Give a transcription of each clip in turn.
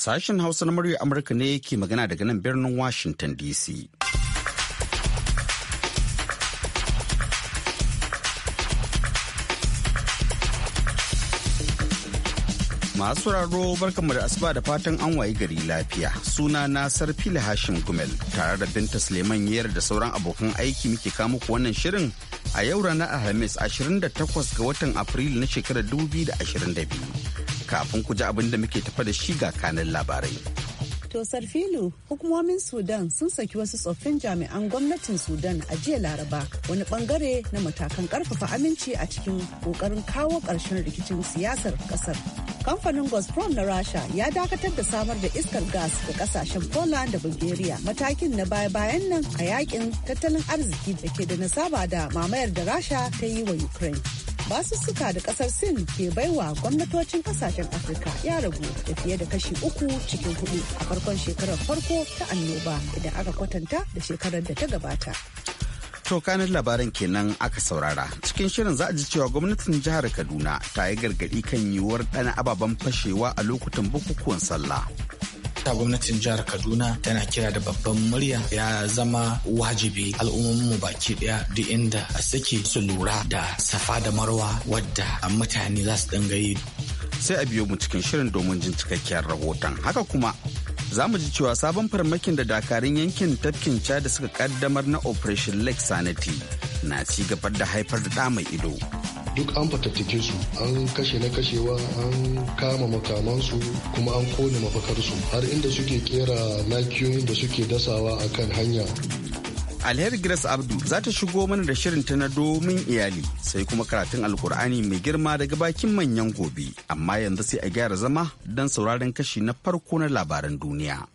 Sashen Hausa na murya Amurka ne ke magana daga nan birnin Washington DC. Masu raro barkanmu da asuba da fatan an wayi gari lafiya. Suna na Sarfili Hashim Gumel tare da Binta Suleiman Yayar da sauran abokan aiki muke kama ku wannan shirin a yau ranar Alhamis 28 ga watan Afrilu na shekarar 2022. kafin ku ji abin da muke tafa da shi ga kanin labarai. To Sarfilu, hukumomin Sudan sun saki wasu tsoffin jami'an gwamnatin Sudan a jiya Laraba wani bangare na matakan karfafa aminci a cikin kokarin kawo ƙarshen rikicin siyasar ƙasar. Kamfanin Gazprom na Rasha ya dakatar da samar da iskar gas ga kasashen Poland da Bulgaria matakin na baya-bayan nan a yakin tattalin arziki da ke da nasaba da mamayar da Rasha ta yi wa Ukraine. basussuka da kasar sin ke baiwa gwamnatocin kasashen afirka ya ragu da fiye da kashi uku cikin hudu a farkon shekarar farko ta annoba idan aka kwatanta da shekarar da ta gabata to kanin labaran kenan aka saurara cikin shirin za a ji cewa gwamnatin jihar kaduna ta yi gargadi kan yiwuwar ɗana ababen fashewa a lokutan bukukuwan sallah ta gwamnatin jihar Kaduna tana kira da babban murya ya zama wajibi al'ummomin mu baki daya duk inda suke su lura da safa da marwa wadda mutane za su dinga yi. Sai a biyo mu cikin shirin domin jin cikakkiyar rahoton. Haka kuma za mu ji cewa sabon farmakin da dakarun yankin tafkin da suka kaddamar na operation lake sanity na ci gaba da haifar da mai ido duk an fatattake su an kashe na kashewa an kama makamansu kuma an kone mafakarsu har inda suke kera nakiyoyin da suke dasawa a kan hanya alheri grace abdu za ta shigo mana da shirin ta na domin iyali sai kuma karatun alkur'ani mai girma daga bakin manyan gobe amma yanzu sai a gyara zama don sauraron kashi na farko na labaran duniya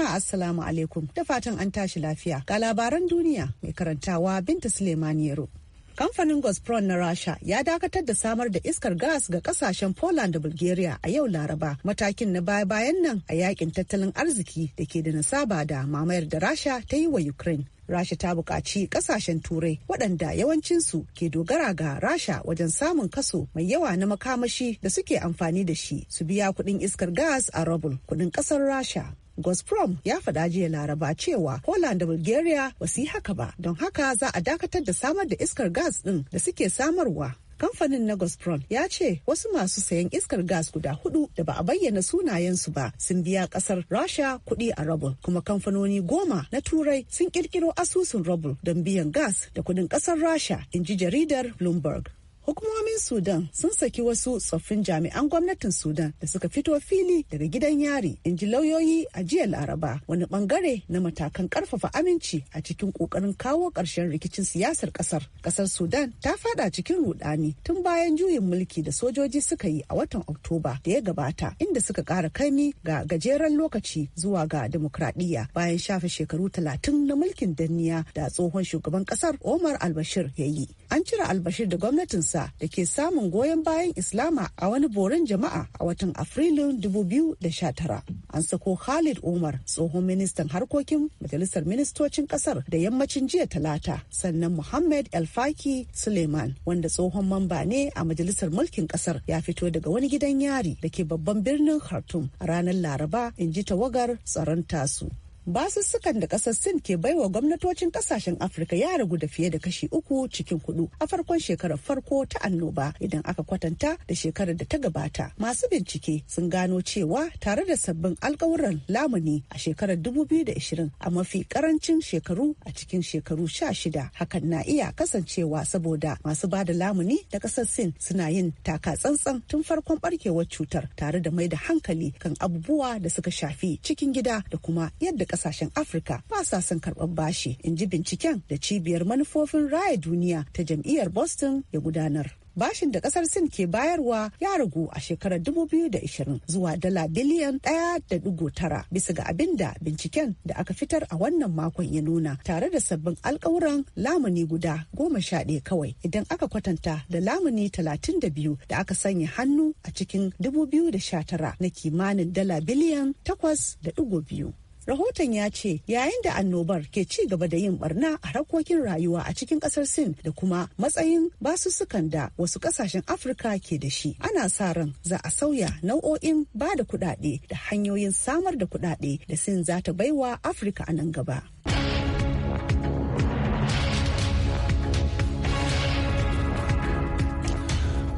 jama'a assalamu alaikum da fatan an tashi lafiya ga labaran duniya mai karantawa Binta Suleiman Yero. kamfanin Gazprom na Rasha ya dakatar da samar da iskar gas ga kasashen Poland da Bulgaria a yau Laraba. Matakin na baya-bayan nan a yakin tattalin arziki da ke da nasaba da mamayar da Rasha ta yi wa Ukraine. Rasha ta buƙaci ƙasashen turai waɗanda yawancinsu ke dogara ga Rasha wajen samun kaso mai yawa na makamashi da suke amfani da shi su biya kuɗin iskar gas a rubul kuɗin ƙasar Rasha. Gazprom ya faɗa jiya Laraba cewa Poland da Bulgaria ba su yi haka ba, don haka za a dakatar da samar da iskar gas ɗin da suke samarwa. kamfanin na gosprom ya ce wasu masu sayan iskar gas guda hudu da ba a bayyana sunayensu ba sun biya kasar Rasha kuɗi a rubul kuma kamfanoni goma na turai sun ƙirƙiro asusun rubul don biyan gas da kuɗin ƙasar Rasha in ji jaridar Bloomberg. Hukumomin Sudan sun saki wasu tsoffin jami'an gwamnatin Sudan da suka fito fili daga gidan yari in ji lauyoyi a jiya Laraba wani bangare na matakan karfafa aminci a cikin kokarin kawo karshen rikicin siyasar kasar. kasar Sudan ta fada cikin rudani tun bayan juyin mulki da sojoji suka yi a watan Oktoba da ya gabata inda suka kara kaimi ga gajeren lokaci zuwa ga demokradiyya bayan shafe shekaru talatin na mulkin danniya da tsohon shugaban kasar Omar Albashir ya yi. An cire Albashir da gwamnatinsa Faransa da ke samun goyon bayan Islama a wani borin jama'a a watan Afrilun 2019. An sako Khalid Umar tsohon ministan harkokin majalisar ministocin kasar da yammacin jiya talata sannan Muhammad Elfaki Suleiman wanda tsohon mamba ne a majalisar mulkin kasar ya fito daga wani gidan yari da ke babban birnin Khartoum a ranar Laraba in ji tawagar tsaron tasu. basussukan da kasar sin ke baiwa gwamnatocin kasashen afirka ya ragu da fiye da kashi uku cikin kudu a farkon shekarar farko ta annoba idan aka kwatanta da shekarar da ta gabata masu bincike sun gano cewa tare da sabbin alkawuran lamuni a shekarar 2020 a mafi karancin shekaru a cikin shekaru sha shida hakan na iya kasancewa saboda masu ba da lamuni da kasar sin suna yin taka tsantsan tun farkon barkewar cutar tare da mai da hankali kan abubuwa da suka shafi cikin gida da kuma yadda kasashen afirka ba sa son karɓar bashi in ji binciken da cibiyar manufofin raya duniya ta jam'iyyar boston ya gudanar bashin da kasar sin ke bayarwa ya ragu a shekarar 2020 zuwa dala biliyan ɗaya da tara bisa ga abin da binciken da aka fitar a wannan makon ya nuna tare da sabbin alkawuran lamuni guda goma sha ɗaya kawai idan aka kwatanta da lamuni talatin da biyu da aka sanya hannu a cikin 2019 na kimanin dala biliyan takwas da biyu. rahoton ya ce yayin da annobar ke ci gaba da yin barna a harkokin rayuwa a cikin kasar sin da kuma matsayin basussukan da wasu kasashen afirka ke da shi ana sa ran za a sauya nau'o'in ba da kudade da hanyoyin samar da kudade da sin za ta baiwa afirka a nan gaba.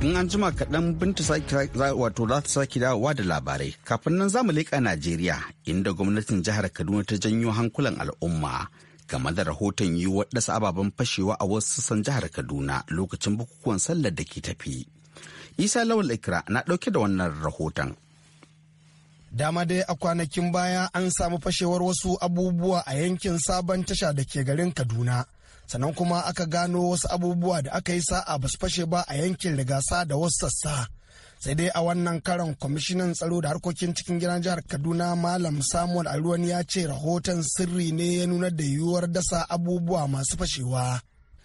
in an jima kaɗan binta wato za ta sake dawowa da labarai kafin nan zamu leƙa najeriya inda gwamnatin jihar kaduna ta janyo hankulan al'umma game da rahoton yiwuwar dasa ababen fashewa a wasu sassan jihar kaduna lokacin bukukuwan sallar da ke tafi isa lawal ikra na ɗauke da wannan rahoton dama dai a kwanakin baya an samu fashewar wasu abubuwa a yankin sabon tasha da ke garin kaduna sannan kuma aka gano wasu abubuwa da aka yi sa'a basu fashe ba a yankin da gasa da wasu sassa sai dai a wannan karan kwamishinan tsaro da harkokin cikin gidan jihar kaduna malam samuel aruwan ya ce rahoton sirri ne ya nuna da yiwuwar dasa abubuwa masu fashewa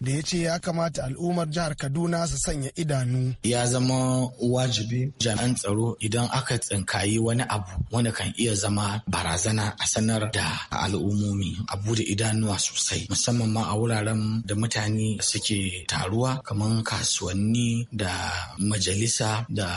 da ya ce ya kamata al'ummar jihar Kaduna su sanya idanu. Ya zama wajibi jami'an tsaro idan aka tsinkayi wani abu wanda kan iya zama barazana a sanar da al'ummomi a bude idanuwa sosai musamman ma a wuraren da mutane suke taruwa kamar kasuwanni da majalisa da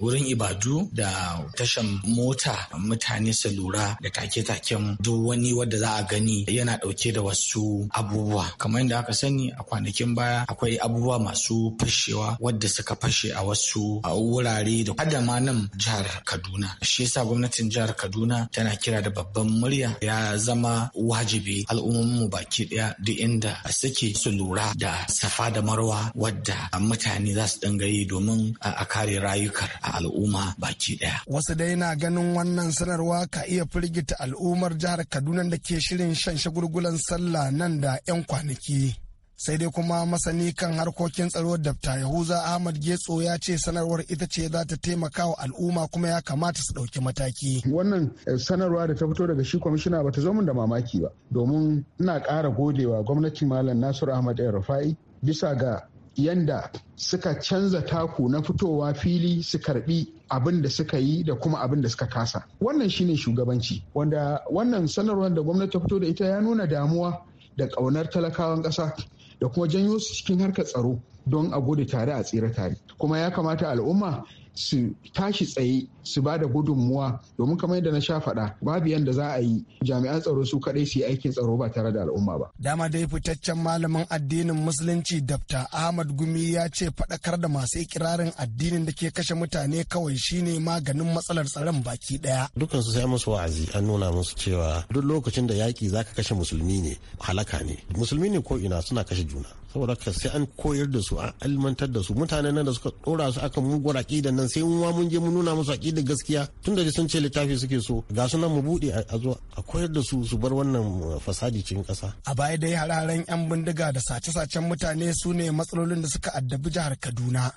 wurin ibadu da tashan mota mutane su lura da take-taken duk wani wadda za a gani yana dauke da wasu abubuwa kamar yadda aka sani sani a kwanakin baya akwai abubuwa masu fashewa wadda suka fashe a wasu wurare da hada ma nan jihar Kaduna. Shi yasa gwamnatin jihar Kaduna tana kira da babban murya ya zama wajibi mu baki daya duk inda suke su lura da safa da marwa wadda mutane za su dinga yi domin a kare rayukar al'umma baki daya. Wasu dai na ganin wannan sanarwa ka iya firgita al'ummar jihar Kaduna da ke shirin shan shagulgulan sallah nan da 'yan kwanaki. sai dai kuma masani kan harkokin tsaro dafta yahuza ahmad getso ya ce sanarwar ita ce za ta taimaka wa al'umma kuma ya kamata su ɗauki mataki wannan eh, sanarwa da ta fito daga shi kwamishina ba ta zo min da mamaki ba domin ina ƙara godewa gwamnati malam nasiru ahmad el rufai bisa ga yanda suka canza taku na fitowa fili su karbi abin da suka yi da kuma abin da suka kasa wannan shine shugabanci wanda wannan sanarwar da gwamnati ta fito da ita ya nuna damuwa da ƙaunar talakawan ƙasa da kuma janyo su cikin harkar tsaro don a gode tare a tsira tare kuma ya kamata al'umma su tashi tsaye su ba da gudunmuwa domin kamar yadda na sha faɗa babu yadda za a yi jami'an tsaro su kaɗai su yi aikin tsaro ba tare da al'umma ba. Dama dai fitaccen malamin addinin musulunci Dr. Ahmad Gumi ya ce faɗakar da masu ikirarin addinin da ke kashe mutane kawai shine maganin matsalar tsaron baki ɗaya. Dukan su sai musu wa'azi an nuna musu cewa duk lokacin da yaƙi zaka kashe musulmi ne halaka ne musulmi ne ko ina suna kashe juna saboda ka sai an koyar da su an almantar da su mutanen nan da suka dora su akan muguwar da nan sai mu mun je mu nuna musu akida gaskiya tunda da sun ce littafi suke so ga su nan mu bude a zo a koyar da su su bar wannan uh, fasadi cikin kasa a baya dai hararen yan bindiga da sace-sacen mutane su ne matsalolin da suka addabi jihar Kaduna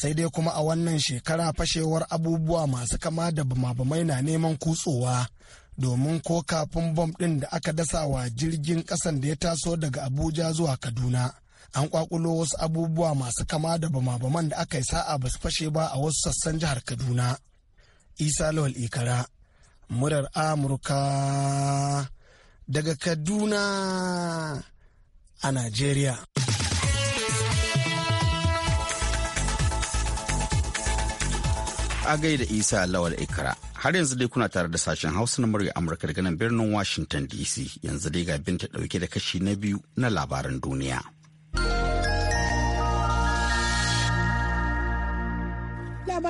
sai dai kuma a wannan shekara fashewar abubuwa masu kama da bama-bamai na neman kutsowa domin ko kafin bom ɗin da aka dasa wa jirgin kasan da ya taso daga abuja zuwa kaduna an kwakulo wasu abubuwa masu kama da bama-baman da aka yi sa'a ba su fashe ba a wasu sassan jihar kaduna isa lawal ikara murar amurka daga kaduna a najeriya a gaida isa lawal ikara har yanzu dai kuna tare da sashen hausa na murya amurka daga nan birnin washington dc yanzu dai ga binta dauke da kashi na biyu na labaran duniya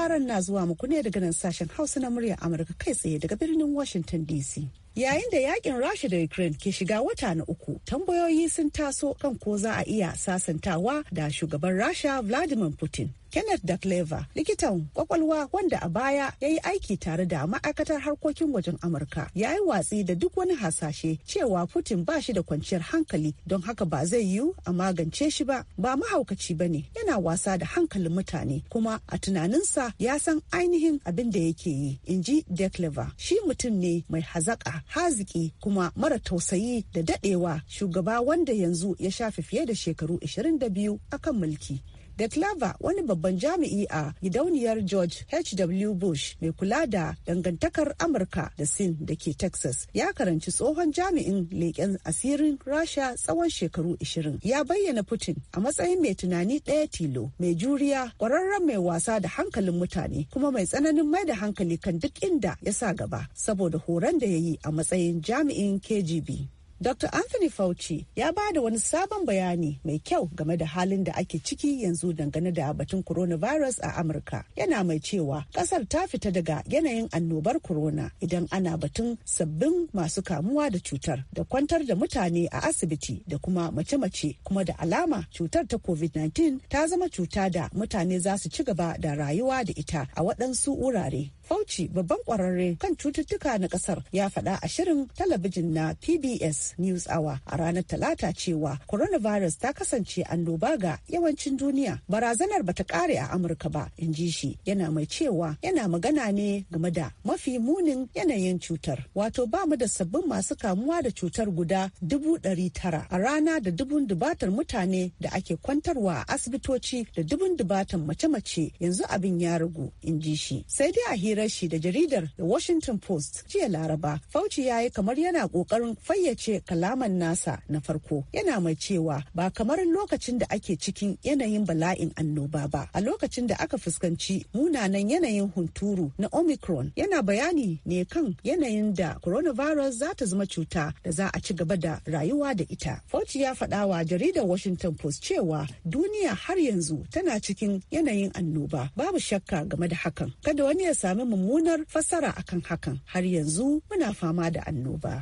labaran na zuwa muku ne daga nan sashen Hausa na murya Amurka kai tsaye daga birnin Washington DC. Yayin da yakin Rasha da Ukraine ke shiga wata na uku, tambayoyi sun taso kan ko za a iya sasantawa da shugaban Rasha Vladimir Putin. Kenneth clever likitan kwakwalwa wanda a baya ya yi aiki tare da ma'aikatar harkokin wajen Amurka, ya yi watsi da duk wani hasashe cewa Putin ba shi da kwanciyar hankali don haka ba zai yiwu a magance shi ba, ba mahaukaci ba ne yana wasa da hankalin mutane kuma a tunaninsa ya san ainihin abin da yake yi, in ji clever Shi mutum ne mai hazaka haziki kuma mara tausayi da dadewa shugaba wanda yanzu ya shafe fiye da shekaru 22 akan mulki da claver wani babban jami'i a gidauniyar george hw bush mai kula da dangantakar amurka da sin da ke texas ya karanci tsohon jami'in leƙen asirin rasha tsawon shekaru 20 ya bayyana putin a matsayin mai tunani ɗaya tilo mai juriya ƙwararren mai wasa da hankalin mutane kuma mai tsananin mai da hankali kan duk inda ya sa gaba saboda horon da ya yi a matsayin jami'in kgb Dr. Anthony Fauci ya ba da wani sabon bayani mai kyau game da halin da ake ciki yanzu dangane da batun coronavirus a Amurka. Yana mai cewa kasar ta fita daga yanayin annobar corona idan ana batun sabbin masu kamuwa da cutar da kwantar da mutane a asibiti da kuma mace-mace kuma da alama cutar ta COVID-19 ta zama cuta da mutane za su ci gaba da rayuwa da ita a waɗansu wurare. Fauci babban kwararre kan cututtuka na kasar ya faɗa a shirin talabijin na PBS News Hour a ranar Talata cewa coronavirus ta kasance annoba ga yawancin duniya. Barazanar bata kare a Amurka ba, in ji shi yana mai cewa yana magana ne game da mafi munin yanayin cutar. Wato ba mu da sabbin masu kamuwa da cutar guda dubu ɗari tara a rana da dubun dubatar mutane da ake kwantarwa a asibitoci da dubun dubatar mace-mace yanzu abin ya ragu in ji shi. Sai dai a hirar shi da jaridar The Washington Post jiya Laraba. Fauci ya yi kamar yana kokarin fayyace kalaman nasa na farko. Yana mai cewa ba kamar lokacin da ake cikin yanayin bala'in annoba ba. A lokacin da aka fuskanci munanan yanayin hunturu na Omicron yana bayani ne kan yanayin da coronavirus za ta zama cuta da za a ci gaba da rayuwa da ita. Fauci ya faɗa wa jaridar Washington Post cewa duniya har yanzu tana cikin yanayin annoba. Babu shakka game da hakan. Kada wani ya sami mummunar fassara akan hakan har yanzu muna fama da annoba.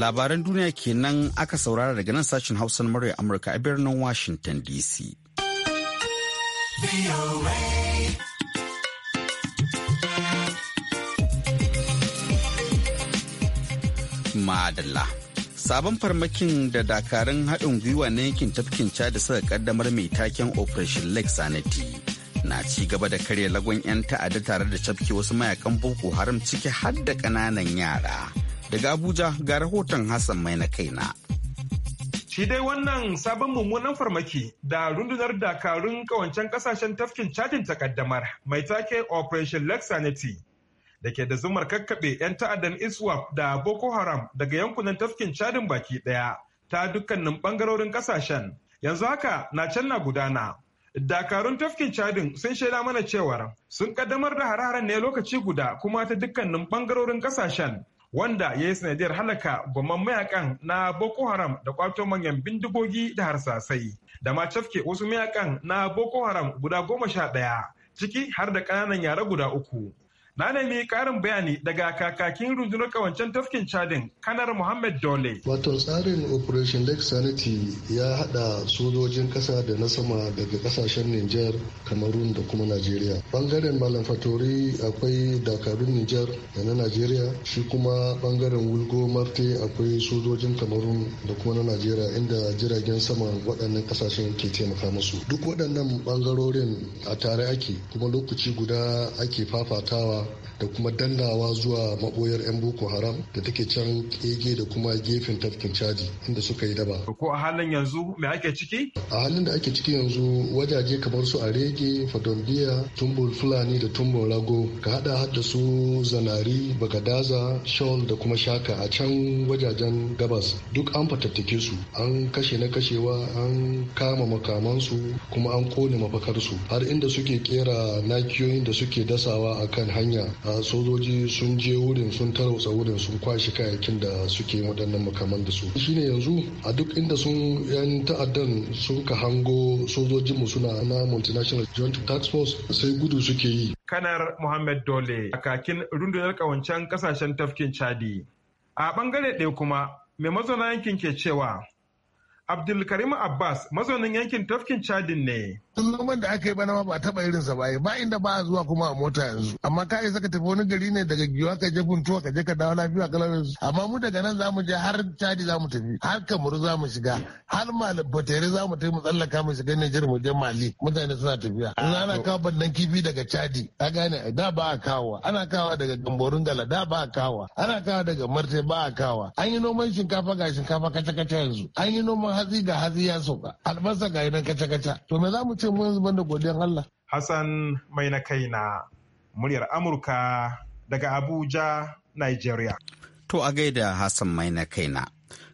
Labaran duniya kenan aka saurara daga nan sashen Hausa na murya Amurka a birnin Washington DC. Madalla. sabon farmakin da dakarun haɗin gwiwa na yankin tafkin da suka kaddamar mai taken operation lake sanity na ci gaba da karya lagon 'yan ta'adda tare da cafke wasu mayakan boko haram ciki har da ƙananan yara daga abuja ga rahoton hassan mai na kaina Shi dai wannan sabon mummunan farmaki da rundunar dakarun kawancen kasashen tafkin cajin takaddamar mai take Operation Lake Sanity da ke da zumar kakkaɓe 'yan ta'addan iswap da boko haram daga yankunan tafkin cadin baki daya, ta dukkanin bangarorin kasashen, yanzu haka na can na gudana dakarun tafkin cadin sun shaida mana cewar sun kaddamar da hararen ne lokaci guda kuma ta dukkanin bangarorin kasashen, wanda ya yi sanadiyar halaka gwamman mayakan na boko haram da kwato manyan bindigogi da harsasai da ma cafke wasu mayakan na boko haram guda goma sha ɗaya ciki har da ƙananan yara guda uku Na nemi ƙarin bayani daga kakakin rundunar kawancen tafkin Chadin kanar Muhammad Dole. Wato tsarin Operation Lake Sanity ya haɗa sojojin ƙasa da na sama daga ƙasashen Niger Kamarun da kuma Najeriya. Bangaren Malam Fatori akwai dakarun Niger da na Najeriya, shi kuma bangaren Wulgo Marte akwai sojojin Kamarun da kuma na Najeriya inda jiragen sama waɗannan ƙasashen ke taimaka musu. Duk waɗannan bangarorin a tare ake kuma lokaci guda ake fafatawa da kuma dannawa zuwa maboyar 'yan boko haram da take can kege da kuma gefen tafkin caji inda suka yi daba. Ko a halin yanzu me ake ciki? A halin da ake ciki yanzu wajaje kamar su Arege, Fadambiya, Tumbul Fulani da Tumbul Rago ka hada hada su Zanari, Bagadaza, shawl da kuma Shaka a can wajajen gabas duk an fatattake su an kashe na kashewa an kama makamansu kuma an kone mafakarsu har inda suke kera nakiyoyin da suke dasawa akan hanya hanya sojoji sun je wurin sun tarausa wurin sun kwashe kayayyakin da suke waɗannan makaman da su shine yanzu a duk inda sun yan ta'addan sun ka hango sojojinmu suna na multinational joint tax force sai gudu suke yi kanar Muhammad Dole a kakin rundunar kawancen kasashen tafkin Chadi. A bangare ɗaya kuma mai mazauna yankin ke cewa Abdulkarim Abbas mazaunin yankin tafkin Chadin ne tun noman da aka yi bana ma ba taɓa sa ba ba inda ba zuwa kuma a mota yanzu amma ka isa ka tafi wani gari ne daga giwa ka je guntuwa ka je ka dawo lafiya su amma mu daga nan zamu je har cadi zamu tafi har kamaru zamu shiga har batere zamu tafi mu tsallaka mu shiga Nijar mu je Mali mutane suna tafiya ana kawo bannan kifi daga cadi ka gane da ba a kawo ana kawo daga gamborin gala da ba a kawo ana kawo daga marte ba a kawo an yi noman shinkafa ga shinkafa kaca kaca yanzu an yi noman hatsi ga hatsi ya sauka albasa ga nan kaca kaca to me zamu ce sai mun ban da godiyar Allah. Hassan mai na kai na muryar Amurka daga Abuja, Nigeria. To a gaida Hassan mai na kai na.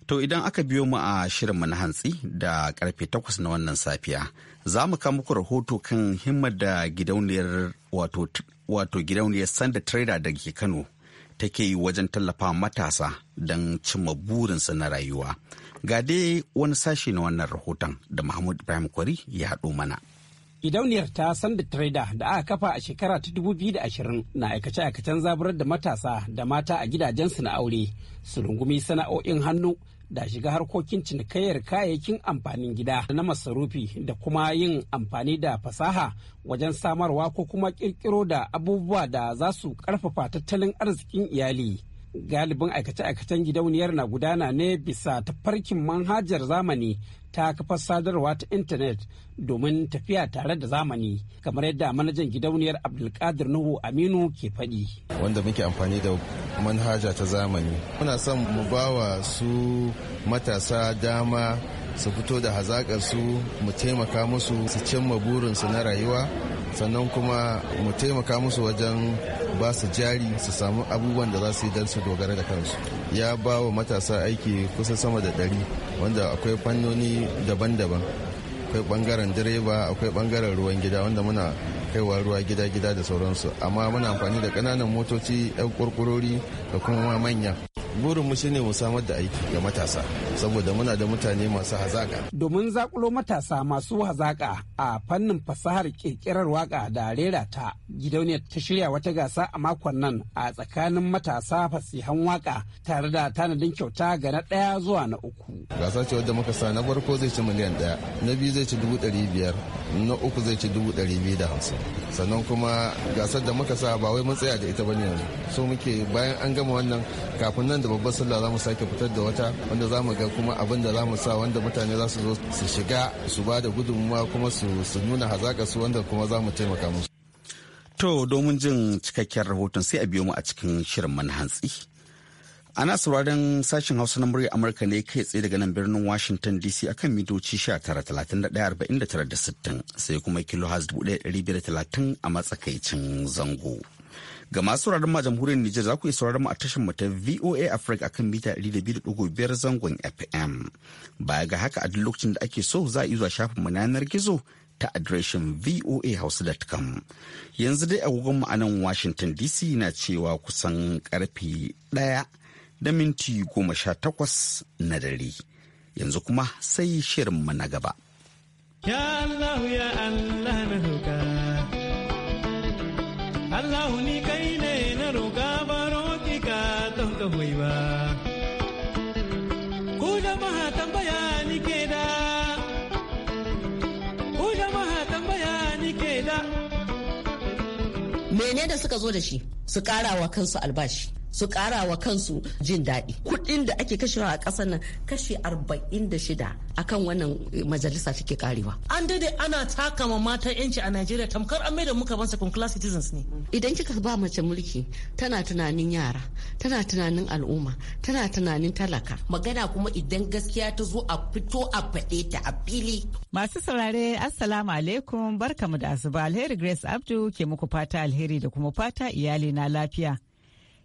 To idan aka biyo mu a shirinmu na hantsi da karfe takwas na wannan safiya, za mu kawo muku rahoto kan himmar da gidauniyar wato gidauniyar Sanda Trader da ke Kano take yi wajen tallafa matasa don cimma burinsa na rayuwa. Ga dai wani sashi na wannan rahoton da Mahmud Ibrahim Kwari ya haɗo mana. Gidauniyar ta sanda trader da aka kafa a shekara ta 2020 na aikace-aikacen zaburar da matasa da mata a gidajensu na aure su rungumi sana'o'in hannu da shiga harkokin cinikayyar kayayyakin amfanin gida na masarufi da kuma yin amfani da fasaha wajen samarwa ko kuma kirkiro da abubuwa da za su karfafa tattalin arzikin iyali. galibin aikace-aikacen gidauniyar na gudana ne bisa tafarkin manhajar zamani ta kafa sadarwa ta intanet domin tafiya tare da zamani kamar yadda manajan gidauniyar abdulkadir nuhu aminu ke faɗi. wanda muke amfani da manhaja ta zamani muna son mu wa su matasa dama su fito da hazaƙar su mu taimaka musu su cimma burinsu na rayuwa sannan kuma mu taimaka musu wajen ba su jari su samu abubuwan da za su yi don su dogara da kansu ya ba wa matasa aiki kusa sama da ɗari wanda akwai fannoni daban-daban akwai bangaren direba akwai bangaren ruwan gida wanda muna kaiwa ruwa gida-gida da sauransu amma muna amfani da ƙananan motoci 'yan kurkurori da kuma manya burin mu shine mu samar da aiki ga matasa saboda muna da mutane masu hazaka domin zakulo matasa masu hazaka a fannin fasahar kirkirar waka da rera ta gidauniyar ta shirya wata gasa a makon nan a tsakanin matasa fasihan waka tare da tanadin kyauta ga na ɗaya zuwa na uku gasa ce wadda muka sa na farko zai ci miliyan ɗaya na biyu zai ci dubu ɗari biyar na uku zai ci dubu ɗari biyu da hamsin sannan kuma gasar da muka sa ba wai mun tsaya da ita bane yanzu so muke bayan an gama wannan kafin nan da babbar sallah za mu sake fitar da wata wanda za mu ga kuma abin da za mu sa wanda mutane za su zo su shiga su ba da gudunmuwa kuma su nuna hazaƙa su wanda kuma za mu taimaka musu. To domin jin cikakken rahoton sai a biyo mu a cikin shirin manhantsi Ana sauraron sashen Hausa na murya Amurka ne kai tsaye daga nan birnin Washington DC akan mitoci 19,31,49,60 sai kuma kilohaz 1,530 a matsakaicin zango. Ga masu sauraron ma jamhuriyar Nijar za ku iya sauraron mu a tashar mu ta VOA Africa akan mita 200.5 zangon FM. Baya ga haka a duk lokacin da ake so za a iya zuwa shafin mu yanar gizo ta adireshin voahouse.com yanzu dai agogon mu a nan washington dc na cewa kusan karfe ɗaya da minti goma sha takwas na dare. Yanzu kuma sai shirinmu na gaba. Ya Allah ya Allah na roƙa. Allah ni kai ne na roƙa ba roƙi ka don ka ba. Ku jama'a tambaya ni ke da. Ku jama'a tambaya ni ke da. Mene da suka zo da shi su ƙara wa kansu albashi. su kara wa kansu jin daɗi kuɗin da ake kashewa a ƙasar nan kashe arba'in da shida akan wannan eh, majalisa take karewa an dade ana takama matan yanci a najeriya tamkar an maida muka ban second class citizens ne idan kika ba mace mulki tana tunanin yara tana tunanin al'umma tana tunanin talaka magana kuma idan gaskiya ta zo a fito a faɗe ta a fili masu saurare assalamu alaikum barkamu da asuba alheri grace abdu ke muku fata alheri da kuma fata iyali na lafiya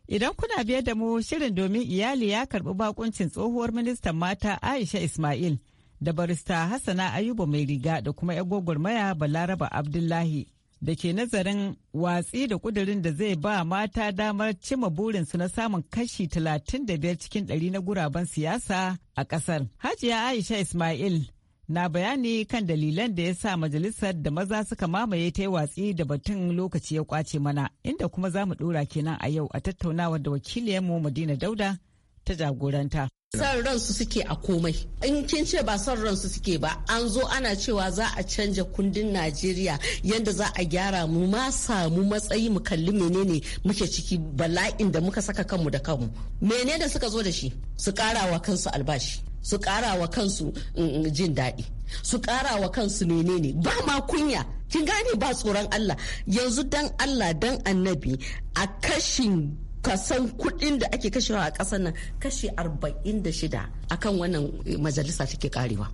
Idan kuna biyar da mu shirin domin iyali ya karbi bakuncin tsohuwar ministan mata Aisha Ismail da barista Hassana Ayuba mai riga da kuma ya gwagwarmaya Balaraba Abdullahi da ke nazarin watsi da kudirin da zai ba mata damar cima burinsu na samun kashi 35 cikin 100 na guraben siyasa a ƙasar. Hajiya Aisha Ismail na bayani kan dalilan da ya sa majalisar da maza suka mamaye ta yi watsi da batun lokaci ya kwace mana inda kuma za mu dora kenan a yau a tattaunawar da wakiliyarmu madina dauda ta jagoranta son ransu suke a komai in kin ce ba son ransu suke ba an zo ana cewa za a canja kundin najeriya yadda za a gyara mu ma samu matsayi mu kalli menene muke ciki bala'in da muka saka kanmu da kanmu mene da suka zo da shi su karawa kansu albashi su ƙara wa kansu mm, mm, jin daɗi su kara wa kansu menene ba ma kunya kin gane ba tsoron Allah yanzu dan Allah dan annabi a kashin kasan kuɗin da ake kashewa a ƙasar nan kashi 46 akan wannan eh, majalisa take karewa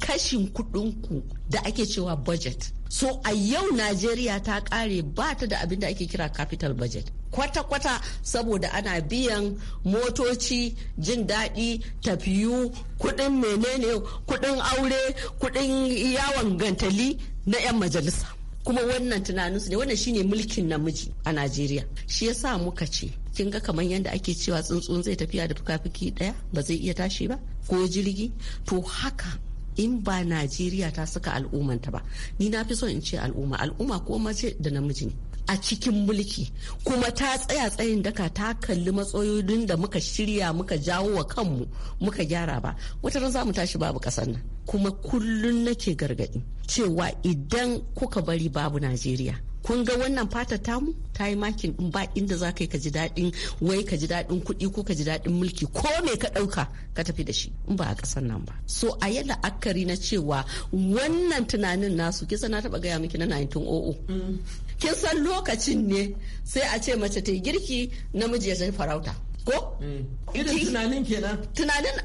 kashin kuɗinku da ake cewa budget so a yau najeriya ta kare ba ta da abin da ake kira capital budget kwata-kwata saboda ana biyan motoci jin daɗi tafiyu kuɗin menene kuɗin aure kuɗin yawon gantali na 'yan majalisa kuma wannan tunaninsu ne wannan shine mulkin namiji a najeriya shi yasa muka ce kin ga kamar yadda ake cewa tsuntsun zai tafiya da fuka-fuki daya ba zai iya tashi ba ko jirgi to haka in ba najeriya ta saka al'ummanta ba ni na fi son in ce al'umma al'umma ko mace da namiji ne a cikin mulki kuma ta tsaya tsayin daka ta kalli matsayoyin da muka shirya muka jawo wa kanmu muka gyara ba wata ran za mu tashi babu kasar nan kuma kullun nake gargaɗi cewa idan kuka bari babu najeriya kun ga wannan fata tamu ta yi makin din ba inda za ka ka ji daɗin wai ka ji daɗin kuɗi ko ka ji daɗin mulki ko me ka ɗauka ka tafi da shi in ba a ƙasar nan ba so a yi la'akari na cewa wannan tunanin nasu kisa na taɓa gaya miki na 1900 kin san lokacin ne sai a ce mace ta yi girki namiji ya farauta ko mm. irin tunanin kenan tunanin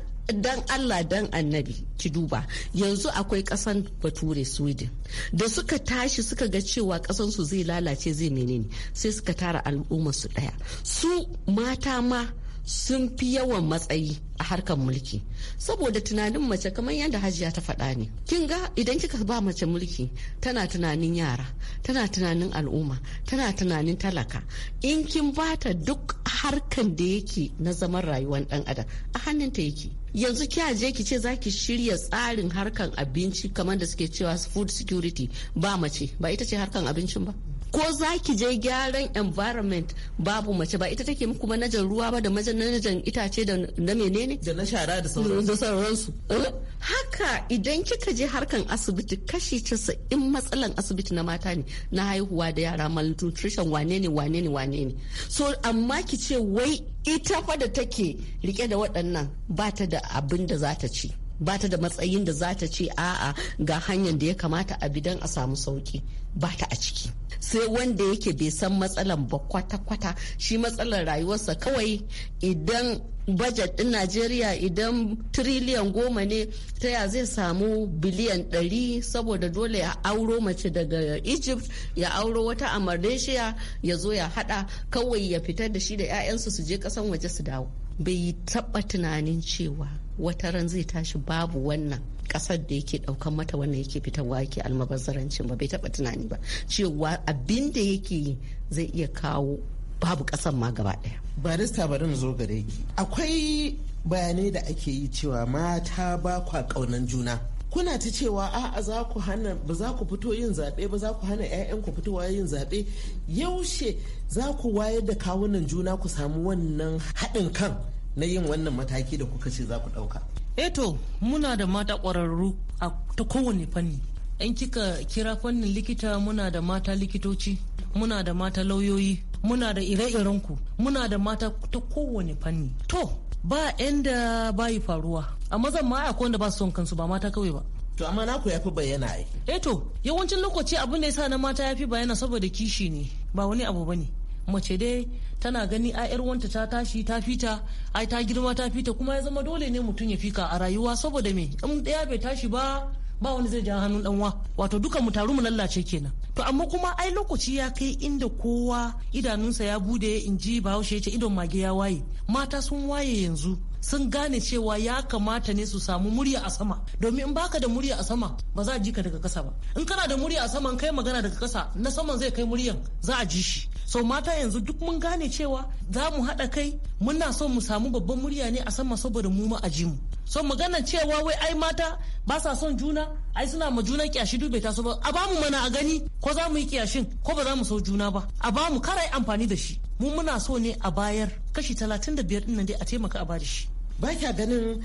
dan Allah dan annabi ki duba yanzu akwai kasan bature sweden da suka tashi suka ga cewa kasan su zai lalace zai menene sai suka tara al'ummar su daya su mata ma sun fi yawan matsayi a harkar mulki saboda tunanin mace kamar yadda hajiya ta faɗa ne kin ga idan kika ba mace mulki tana tunanin yara tana tunanin al'umma tana tunanin talaka in kin bata duk harkan da yake na zaman rayuwar ɗan adam a hannun hannunta yake yanzu kya je ki ce za ki shirya tsarin harkan abinci kamar da suke cewa food security ba mace ba ita ce harkan abincin ba ko za ki je gyaran environment babu mace ba ita take muku manajan ruwa ba da manajan itace da na menene da na shara da sauransu eh, haka idan kika je harkan asibiti kashi casa'in matsalan asibiti na mata ne na haihuwa da yara malnutrition wane ne wane ne wane ne so amma ki ce wai ita fa da take rike da waɗannan ba ta da abin da za ta ci bata da matsayin da za ta ce a'a ga hanyar da ya kamata a bidan a samu sauki ba a ciki sai wanda yake bai san matsalan ba kwata-kwata shi matsalar rayuwarsa kawai idan budget din najeriya idan triliyan goma ne ta ya zai samu biliyan ɗari saboda dole ya auro mace daga egypt ya auro wata a malaysia ya zo ya hada kawai ya fitar da shi da 'ya'yansu su je kasan waje su dawo bai yi taɓa tunanin cewa wata ran zai tashi babu wannan ƙasar da yake ɗaukan mata wannan yake fita wake almabazarancin ba bai taɓa tunani ba cewa abin da yake yi zai iya kawo babu ƙasar ma gaba ɗaya. barista barin zo gare ki akwai bayanai da ake yi cewa mata ba kwa ƙaunan juna kuna ta cewa a'a za ku hana ba za ku fito yin zaɓe ba za ku hana 'ya'yan ku fitowa yin zaɓe yaushe za ku wayar da kawunan juna ku samu wannan haɗin kan na yin wannan mataki da kuka ce za ku ɗauka. eto eh muna da mata ƙwararru a ta kowane fanni in kika kira fannin likita muna da mata likitoci muna da mata lauyoyi muna da ire-irenku muna da mata ta kowane fanni to ba inda bayi faruwa a mazan ma akwai wanda ba su son kansu ba mata kawai ba to amma naku ya fi bayyana ai eh to yawancin lokaci abin da ya sa na mata ya fi bayyana saboda kishi ne ba wani abu bane mace dai tana gani a yar wanta ta tashi ta fita ai ta girma ta fita kuma ya zama dole ne mutum ya fika a rayuwa saboda me in ɗaya bai tashi ba ba wani zai ja hannun wa wato duka mu taru mu lallace kenan to amma kuma ai lokaci ya kai inda kowa idanunsa ya bude in ji bahaushe ya ce idon mage ya waye mata sun waye yanzu sun gane cewa ya kamata ne su samu murya a sama domin in baka da murya a sama ba za a ji ka daga kasa ba in kana da murya a sama kai magana daga kasa na saman zai kai muryan za a ji shi so mata yanzu duk mun gane cewa za mu haɗa kai muna so mu samu babban murya ne a sama saboda mu ma a mu son magana cewa wai ai mata ba sa son juna ai suna ma juna kyashi dube ta so ba a bamu mana a gani ko za mu yi kyashin ko ba za mu so juna ba a bamu kara yi amfani da shi mu muna so ne a bayar kashi 35 din nan dai a taimaka a bada shi ba kya ganin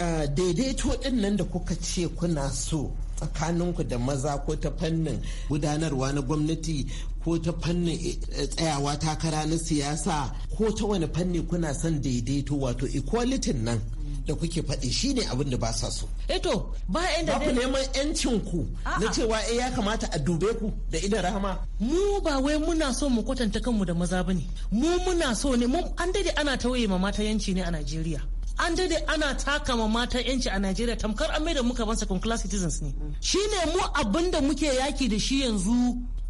uh, daidaito din nan da kuka ce kuna so tsakaninku da maza ko ta fannin gudanarwa na gwamnati ko ta fannin eh, tsayawa takara na siyasa ko ta wani fanni kuna son daidaito wato equality nan da kuke faɗi shi ne abin da ba sa so. Eto eh ba inda Ba ku neman yancin ku na cewa eh ya kamata a dube ku da idan rahama. Mu ba wai muna so mu kwatanta kanmu da maza bane. Mu muna so ne mu an dade ana tauye ma mata yanci ne a Najeriya. an dade ana taka ma matan yanci a Najeriya tamkar an maida muka ban second class citizens ne. Shi ne mu abin da muke yaki da shi yanzu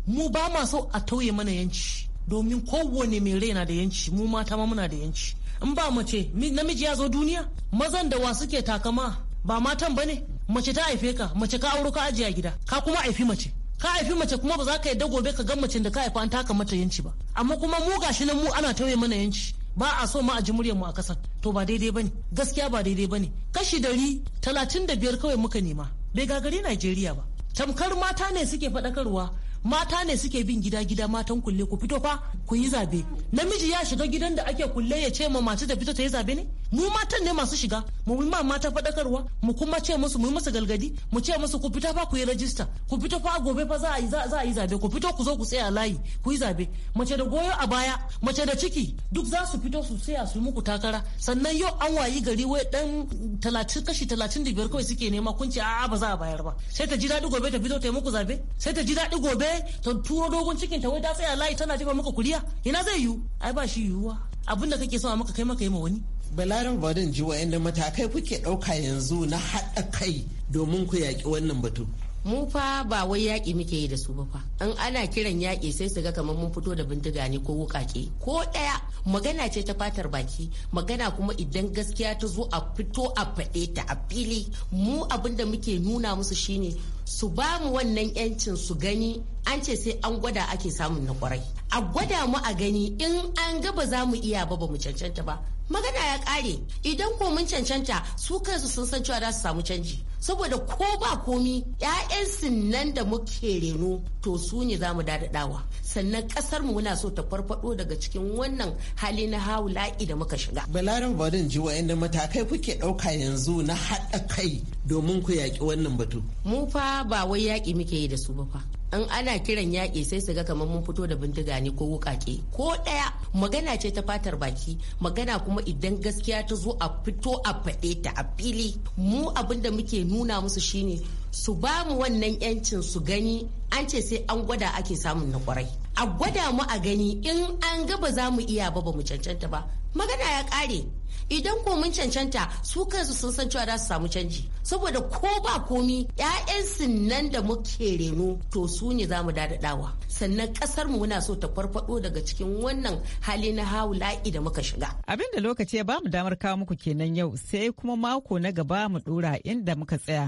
mu ba ma so a tauye mana yanci. Domin kowane mai raina da yanci mu mata ma muna da yanci. in ba mace namiji ya zo duniya mazan da wa suke takama ba matan bane mace ta haife ka mace ka auro ka ajiye gida ka kuma haifi mace ka haifi mace kuma ba za ka yadda gobe ka ga mace da ka haifa an taka mata yanci ba amma kuma mu gashi nan mu ana tauye mana yanci ba a so ma a ji muryar mu a kasar to ba daidai bane gaskiya ba daidai bane kashi dari talatin da biyar kawai muka nema bai gagari Najeriya ba tamkar mata ne suke faɗakarwa mata ne suke bin gida gida matan kulle ku fito fa ku yi zabe namiji ya shiga gidan da ake kulle ya ce ma mace ta fito ta yi zabe ne mu matan ne masu shiga mu yi ma mata fadakarwa mu kuma ce musu mu yi musu galgadi mu ce musu ku fita fa ku yi rajista ku fito fa gobe fa za a yi za zabe ku fito ku zo ku tsaya layi ku yi zabe mace da goyo a baya mace da ciki duk za su fito su tsaya su muku takara sannan yau an wayi gari wai dan talatin kashi talatin da biyar kawai suke nema kun ce a'a ba za a bayar ba sai ta ji daɗi gobe ta fito ta yi muku zabe sai ta ji daɗi gobe tsaye eh, ta turo dogon cikin ta wai ta tsaya layi tana jefa maka kuriya ina zai yiwu ai ba shi yiwuwa abin da kake so maka kai maka yi ma wani balaran badin ji wa'anda matakai kuke ɗauka yanzu na haɗa kai domin ku yaƙi wannan batu mu fa ba wai yaƙi muke yi da su ba fa in ana kiran yaƙi sai su ga kamar mun fito da bindiga ne ko wukake ko ɗaya magana ce ta fatar baki magana kuma idan gaskiya ta zo a fito a faɗe ta a fili mu abin da muke nuna musu shine su ba mu wannan yancin su gani an ce sai an gwada ake samun na kwarai a gwada mu a gani in an ga ba za mu iya ba ba mu cancanta ba magana ya ƙare idan ko mun cancanta su kansu sun san cewa za su samu canji saboda ko ba komi yayan nan da muke reno to su ne za mu dadadawa sannan kasar mu muna so ta farfado daga cikin wannan hali na haula'i da muka shiga balaran badin ji wa'anda matakai kuke dauka yanzu na haɗa kai domin ku yaƙi wannan batu mu fa ba wai yaƙi muke yi da su ba fa in ana kiran yaƙi sai su ga kamar mun fito da bindiga ne ko wuƙaƙe ko ɗaya magana ce ta fatar baki magana kuma idan gaskiya ta zo a fito a faɗe ta a fili mu abin da muke nuna musu shine su ba mu wannan yancin su gani an ce sai an gwada ake samun na kwarai a gwada mu a gani in an ba za mu iya ba ba mu cancanta ba magana ya kare idan ko mun cancanta su kansu sun san cewa za su samu canji saboda ko ba komi ya'yan nan da muke reno to su ne za mu dadadawa sannan kasar mu muna so ta farfado daga cikin wannan hali na haula'i da muka shiga abin da lokaci ya ba mu damar kawo muku kenan yau sai kuma mako na gaba mu dora inda muka tsaya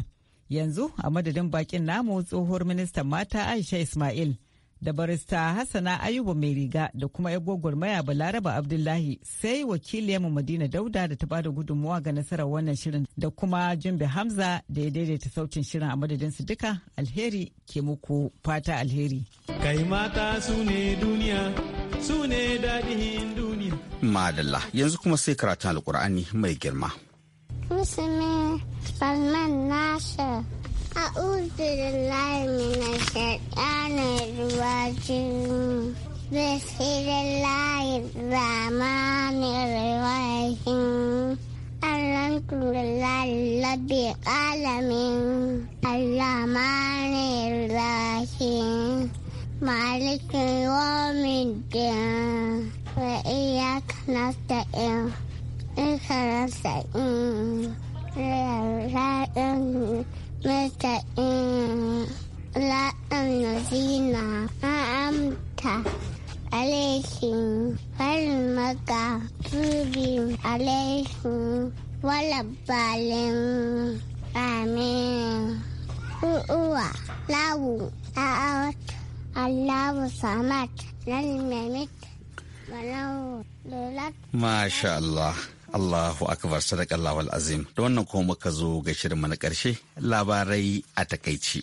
yanzu a madadin bakin namu tsohuwar ministan mata aisha ismail da barista Hassana Ayuba mai riga da kuma ya gwagwarmaya Balaraba Abdullahi sai wakiliyarmu Madina Dauda da ta ba da gudunmuwa ga nasarar wannan shirin da kuma Jumbe Hamza da ya daidaita sautin shirin a madadin su duka alheri ke muku fata alheri. Kai mata su ne duniya su ne daɗin duniya. Madalla yanzu kuma sai karatun alkur'ani mai girma. Musulmi Salman Nasir أعوذ بالله من الشيطان الرجيم بسم الله الرحمن الرحيم الحمد لله رب العالمين الرحمن الرحيم مالك يوم الدين وإياك نستعين إياك نستعين masta'in um, la'an lazina na'amta alaihim farin maka tubi alaihim walabalin amin uwa lawu a'awat allahu samat lalmamit walau dolat masha Allah Allahu akbar sadaqallahu azim da wannan kuma muka zo ga shirin na karshe labarai a takaici.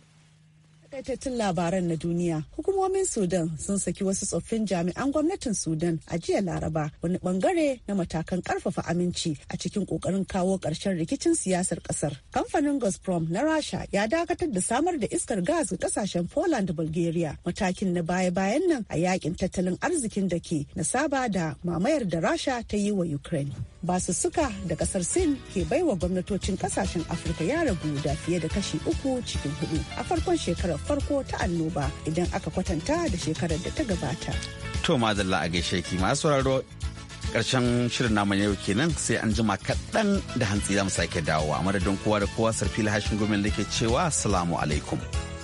takaitattun labaran na duniya hukumomin sudan sun saki wasu tsoffin jami'an gwamnatin sudan a jiya laraba wani bangare na matakan karfafa aminci a cikin kokarin kawo karshen rikicin siyasar kasar kamfanin gazprom na rasha ya dakatar da samar da iskar gas ga kasashen poland da bulgaria matakin na baya-bayan nan a yakin tattalin arzikin da ke na saba da mamayar da rasha ta yi wa ukraine suka da kasar sin ke baiwa gwamnatocin kasashen afirka ya ragu da fiye da kashi uku cikin hudu a farkon shekarar farko ta annoba idan aka kwatanta da shekarar da ta gabata to madalla a gaishe ki masu sauraro karshen shirin namu yau kenan sai an jima kaɗan da hantsi za mu sake dawowa a madadin kowa da kowa sarfila hashin gomin da ke cewa salamu alaikum